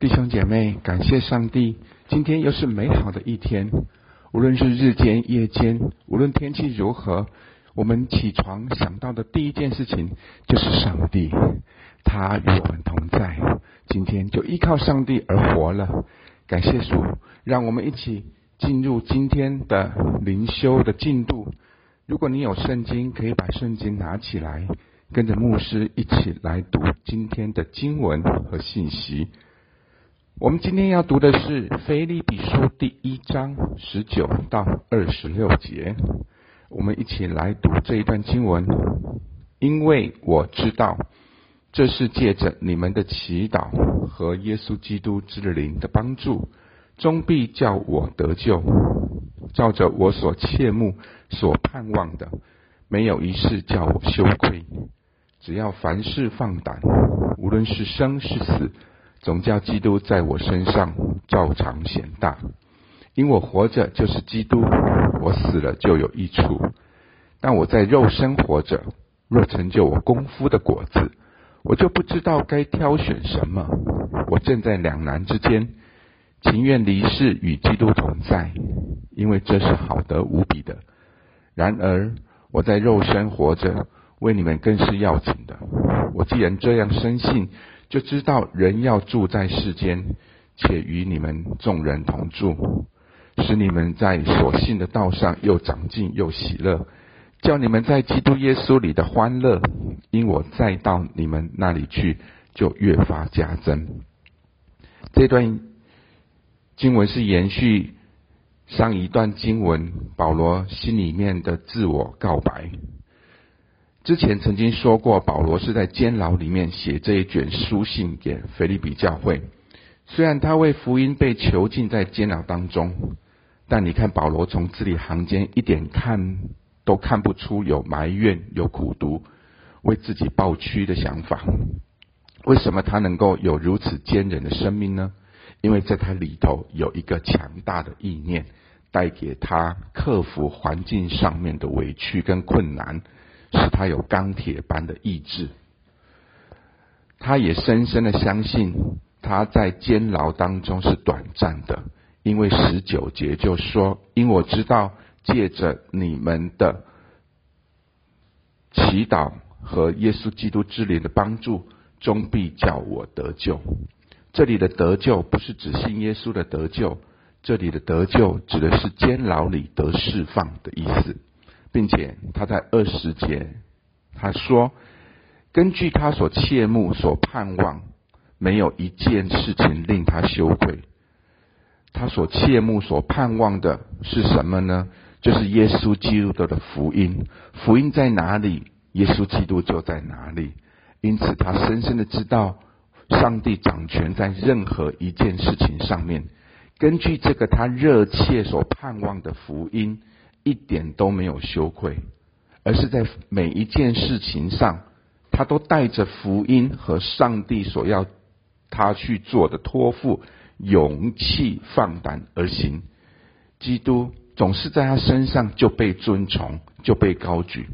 弟兄姐妹，感謝上帝，今天又是美好的一天。無論是日間、夜間，無論天氣如何，我們起床想到的第一件事情就是上帝，他與我們同在。今天就依靠上帝而活了。感謝主，讓我們一起進入今天的靈修的進度。如果你有聖經，可以把聖經拿起來，跟着牧師一起來讀今天的經文和信息。我們今天要讀的是《腓立比書》第一章十九到二十六節，我們一起來讀這一段經文。因為我知道，這是借着你們的祈禱和耶穌基督之靈的幫助，終必叫我得救，照着我所切慕、所盼望的，沒有一事叫我羞愧。只要凡事放膽，無論是生是死。總叫基督在我身上照常顯大，因我活着就是基督，我死了就有益處。但我在肉身活着，若成就我功夫的果子，我就不知道該挑選什麼。我正在兩難之間，情願離世與基督同在，因為這是好得無比的。然而我在肉身活着，為你們更是要緊的。我既然這樣深信。就知道人要住在世間，且與你們眾人同住，使你們在所信的道上又長進又喜樂，叫你們在基督耶穌裡的歡樂，因我再到你們那裡去，就越發加增。這段經文是延續上一段經文，保羅心裡面的自我告白。之前曾經說過，保羅是在監牢裡面寫這一卷書信給腓立比教會。雖然他為福音被囚禁在監牢當中，但你看保羅從字裡行間一點看都看不出有埋怨、有苦毒、為自己抱屈的想法。為什麼他能夠有如此堅韌的生命呢？因為在他裡頭有一個強大的意念，帶給他克服環境上面的委屈跟困難。使他有鋼鐵般的意志，他也深深的相信他在監牢當中是短暫的，因為十九節就說：“因我知道借着你們的祈禱和耶穌基督之靈的幫助，終必叫我得救。”這裡的得救不是指信耶穌的得救，這裡的得救指的是監牢裡得釋放的意思。並且他在二十節，他說：“根據他所切慕、所盼望，沒有一件事情令他羞愧。他所切慕、所盼望的是什麼呢？就是耶穌基督的福音。福音在哪裡？耶穌基督就在哪裡。因此，他深深的知道，上帝掌權在任何一件事情上面。根據這個，他熱切所盼望的福音。”一點都沒有羞愧，而是在每一件事情上，他都帶着福音和上帝所要他去做的托付，勇氣放膽而行，基督總是在他身上就被尊崇，就被高舉。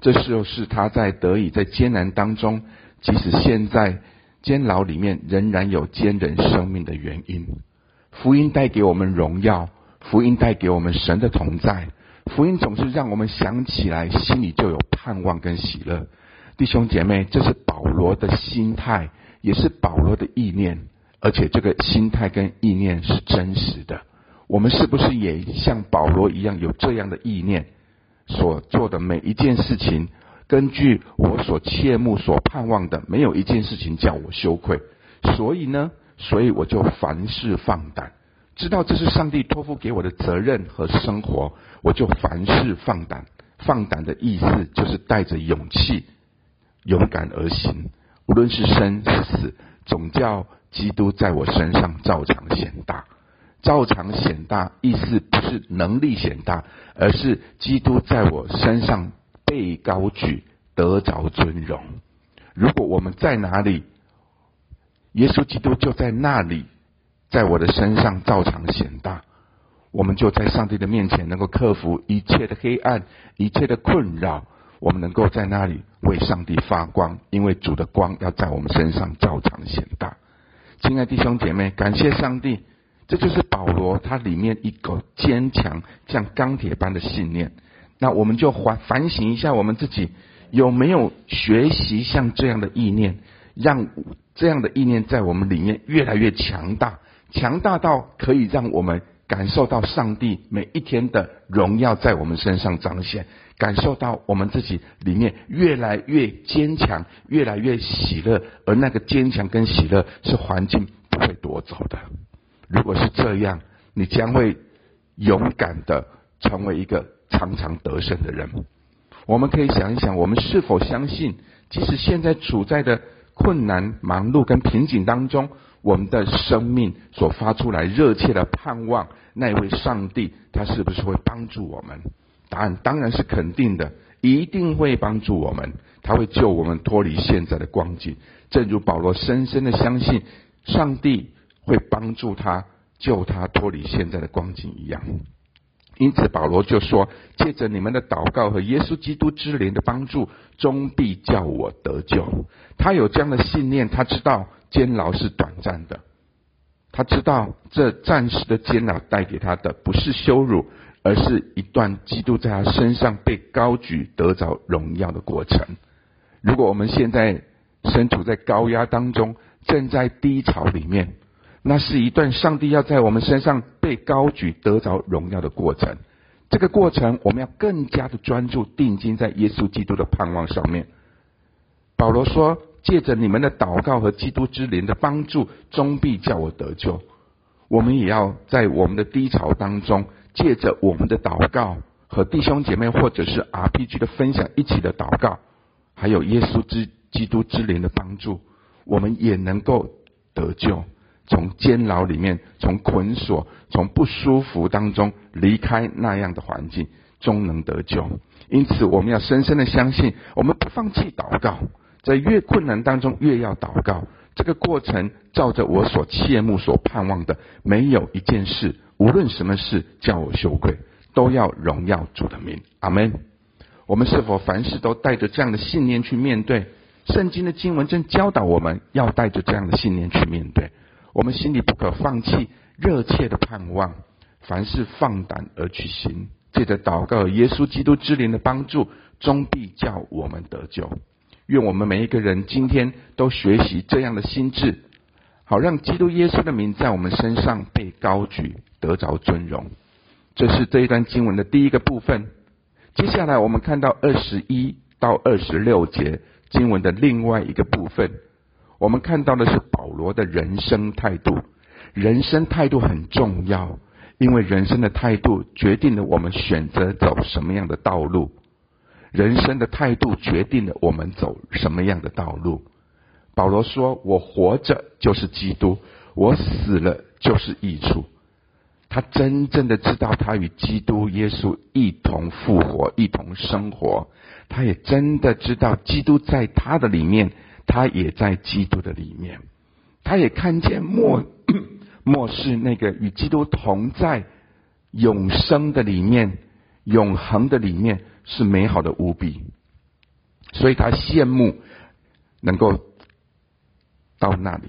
這時候是他在得以在艱難當中，即使現在監牢裡面仍然有堅韌生命的原因。福音帶給我們榮耀。福音帶給我們神的同在，福音總是讓我們想起來，心裡就有盼望跟喜樂。弟兄姐妹，這是保羅的心態，也是保羅的意念，而且這個心態跟意念是真實的。我們是不是也像保羅一樣有這樣的意念？所做的每一件事情，根據我所切慕、所盼望的，沒有一件事情叫我羞愧。所以呢，所以我就凡事放膽。知道這是上帝托付給我的責任和生活，我就凡事放膽。放膽的意思就是帶着勇氣，勇敢而行。無論是生是死，總叫基督在我身上照常顯大。照常顯大，意思不是能力顯大，而是基督在我身上被高舉，得着尊榮。如果我們在哪裡，耶穌基督就在那裡。在我的身上照常顯大，我們就在上帝的面前能夠克服一切的黑暗，一切的困擾。我們能夠在那裡為上帝發光，因為主的光要在我們身上照常顯大。親愛弟兄姐妹，感謝上帝，這就是保羅他裡面一個堅強像鋼鐵般的信念。那我們就反反省一下我們自己，有沒有學習像這樣的意念，讓這樣的意念在我們裡面越來越強大。強大到可以讓我們感受到上帝每一天的榮耀在我們身上彰顯，感受到我們自己裡面越來越堅強，越來越喜樂，而那個堅強跟喜樂是環境不會奪走的。如果是這樣，你將會勇敢的成為一個常常得勝的人。我們可以想一想，我們是否相信，即使現在處在的困難、忙碌跟瓶頸當中，我們的生命所發出來熱切的盼望，那位上帝他是不是會幫助我們？答案當然是肯定的，一定會幫助我們，他會救我們脫離現在的光景。正如保羅深深的相信上帝會幫助他，救他脫離現在的光景一樣。因此，保羅就說：“借着你們的禱告和耶穌基督之靈的幫助，終必叫我得救。”他有這樣的信念，他知道。煎熬是短暫的，他知道這暫時的煎熬帶給他的不是羞辱，而是一段基督在他身上被高舉得着榮耀的過程。如果我們現在身處在高壓當中，正在低潮裡面，那是一段上帝要在我們身上被高舉得着榮耀的過程。這個過程，我們要更加的專注定睛在耶穌基督的盼望上面。保羅說。借着你們的禱告和基督之靈的幫助，終必叫我得救。我們也要在我們的低潮當中，借着我們的禱告和弟兄姐妹或者是 RPG 的分享一起的禱告，還有耶穌之基督之靈的幫助，我們也能夠得救，從監牢裡面，從捆鎖，從不舒服當中離開那樣的環境，終能得救。因此，我們要深深地相信，我們不放棄禱告。在越困難當中，越要禱告。這個過程照着我所切慕、所盼望的，沒有一件事，無論什麼事，叫我羞愧，都要榮耀主的名。阿門。我們是否凡事都帶着這樣的信念去面對？聖經的經文正教導我們要帶着這樣的信念去面對。我們心裡不可放棄，熱切的盼望，凡事放膽而去行。借着禱告耶穌基督之靈的幫助，終必叫我們得救。願我們每一個人今天都學習這樣的心智，好讓基督耶穌的名在我們身上被高舉，得着尊榮。這是這一段經文的第一個部分。接下來我們看到二十一到二十六節經文的另外一個部分，我們看到的是保羅的人生態度。人生態度很重要，因為人生的態度決定了我們選擇走什麼樣的道路。人生的態度決定了我們走什麼樣的道路。保羅說：“我活着就是基督，我死了就是益處。”他真正的知道他與基督耶穌一同復活，一同生活。他也真的知道基督在他的裡面，他也在基督的裡面。他也看見末，末世那個與基督同在、永生的裡面、永恆的裡面。是美好的無比，所以他羨慕能夠到那裡。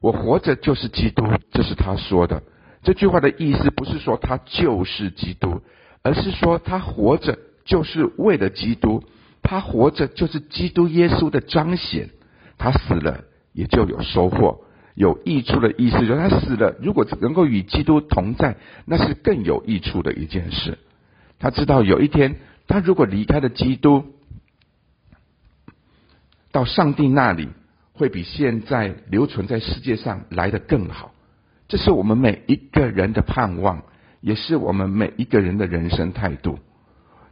我活着就是基督，這是他說的。這句話的意思不是說他就是基督，而是說他活着就是為了基督。他活着就是基督耶穌的彰顯。他死了也就有收穫、有益處的意思。就是他死了，如果能夠與基督同在，那是更有益處的一件事。他知道有一天，他如果離開了基督，到上帝那裡，會比現在留存在世界上來得更好。這是我們每一個人的盼望，也是我們每一個人的人生態度。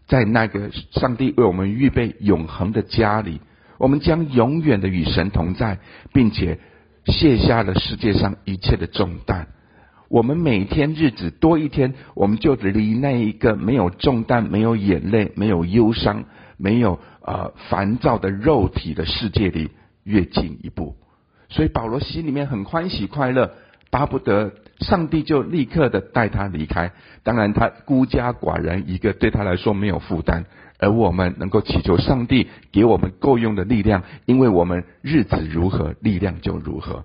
在那個上帝為我們預備永恆的家裡，我們將永遠的與神同在，並且卸下了世界上一切的重擔。我們每天日子多一天，我們就離那一個沒有重擔、沒有眼淚、沒有憂傷、沒有呃煩躁的肉體的世界裡越近一步。所以保羅心裡面很歡喜快樂，巴不得上帝就立刻的帶他離開。當然他孤家寡人一個，對他來說沒有負擔。而我們能夠祈求上帝給我們夠用的力量，因為我們日子如何，力量就如何。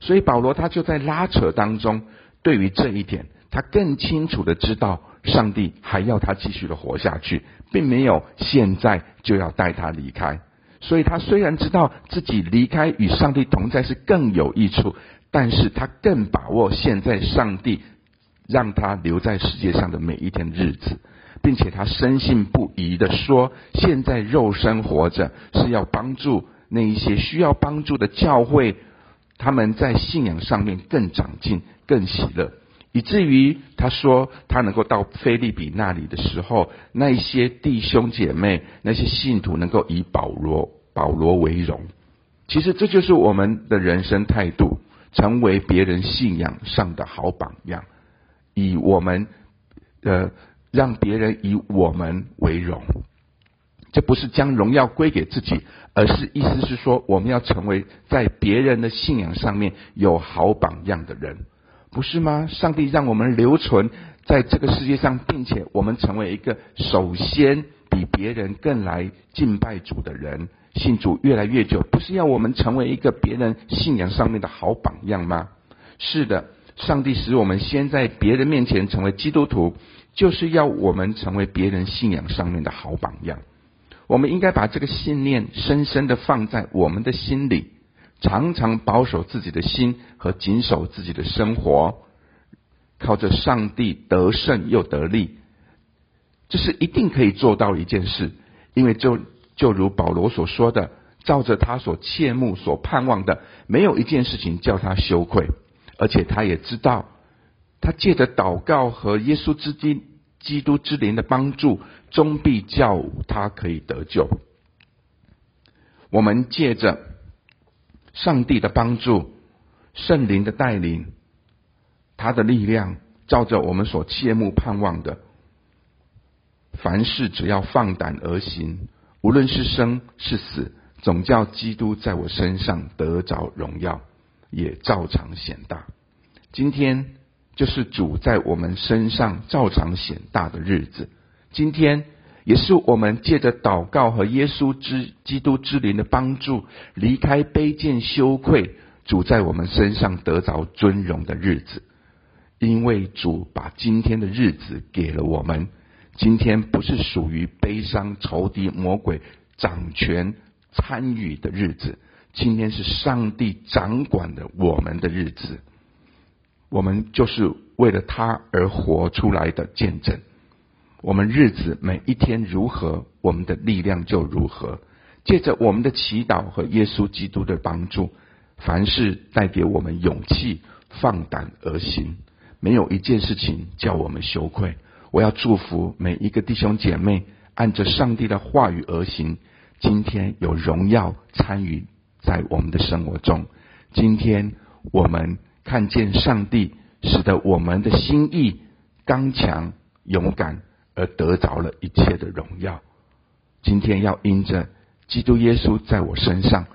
所以保羅他就在拉扯當中。對於這一點，他更清楚的知道，上帝還要他繼續的活下去，並沒有現在就要帶他離開。所以他雖然知道自己離開與上帝同在是更有益處，但是他更把握現在上帝讓他留在世界上的每一天日子，並且他深信不疑的說，現在肉身活着是要幫助那一些需要幫助的教會，他們在信仰上面更長進，更喜樂，以至於他說他能夠到腓立比那裡的時候，那一些弟兄姐妹、那些信徒能夠以保羅保羅為榮。其實這就是我們的人生態度，成為別人信仰上的好榜樣，以我們呃，讓別人以我們為榮。這不是將榮耀歸給自己，而是意思是說，我們要成為在別人的信仰上面有好榜樣的人。不是嗎？上帝讓我們留存在這個世界上，並且我們成為一個首先比別人更來敬拜主的人，信主越來越久，不是要我們成為一個別人信仰上面的好榜樣嗎？是的，上帝使我們先在別人面前成為基督徒，就是要我們成為別人信仰上面的好榜樣。我們應該把這個信念深深地放在我們的心裡。常常保守自己的心和謹守自己的生活，靠着上帝得勝又得力，這是一定可以做到一件事。因為就就如保羅所說的，照着他所切慕所盼望的，沒有一件事情叫他羞愧。而且他也知道，他借着禱告和耶穌之經、基督之靈的幫助，終必叫他可以得救。我們借着。上帝的幫助，聖靈的帶領，他的力量照着我們所切慕盼望的，凡事只要放膽而行，無論是生是死，總叫基督在我身上得着榮耀，也照常顯大。今天就是主在我們身上照常顯大的日子，今天。也是我們借着禱告和耶穌之基督之靈的幫助，離開卑賤羞愧，主在我們身上得着尊榮的日子。因為主把今天的日子給了我們，今天不是屬於悲傷仇敵魔鬼掌權參與的日子，今天是上帝掌管的我們的日子，我們就是為了他而活出來的見證。我們日子每一天如何，我們的力量就如何。借着我們的祈禱和耶穌基督的幫助，凡事帶給我們勇氣，放膽而行。沒有一件事情叫我們羞愧。我要祝福每一個弟兄姐妹，按着上帝的話語而行。今天有榮耀參與在我們的生活中。今天我們看見上帝，使得我們的心意剛強、勇敢。而得着了一切的榮耀。今天要因着基督耶穌在我身上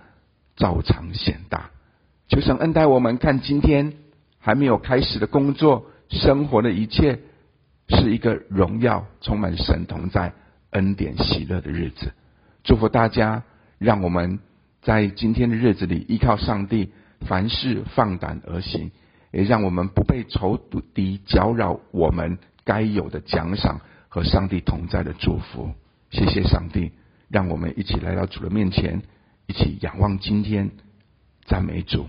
照常顯大，求神恩待我們。看今天還沒有開始的工作、生活的一切，是一個榮耀、充滿神同在、恩典、喜樂的日子。祝福大家，讓我們在今天的日子裡依靠上帝，凡事放膽而行，也讓我們不被仇敵攪擾我們該有的獎賞。和上帝同在的祝福，謝謝上帝，讓我們一起來到主的面前，一起仰望今天，讚美主。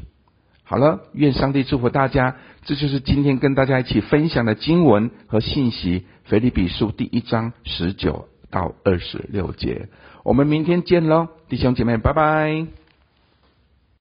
好了，願上帝祝福大家。這就是今天跟大家一起分享的經文和信息，《腓立比書》第一章十九到二十六節。我們明天見嘍，弟兄姐妹，拜拜。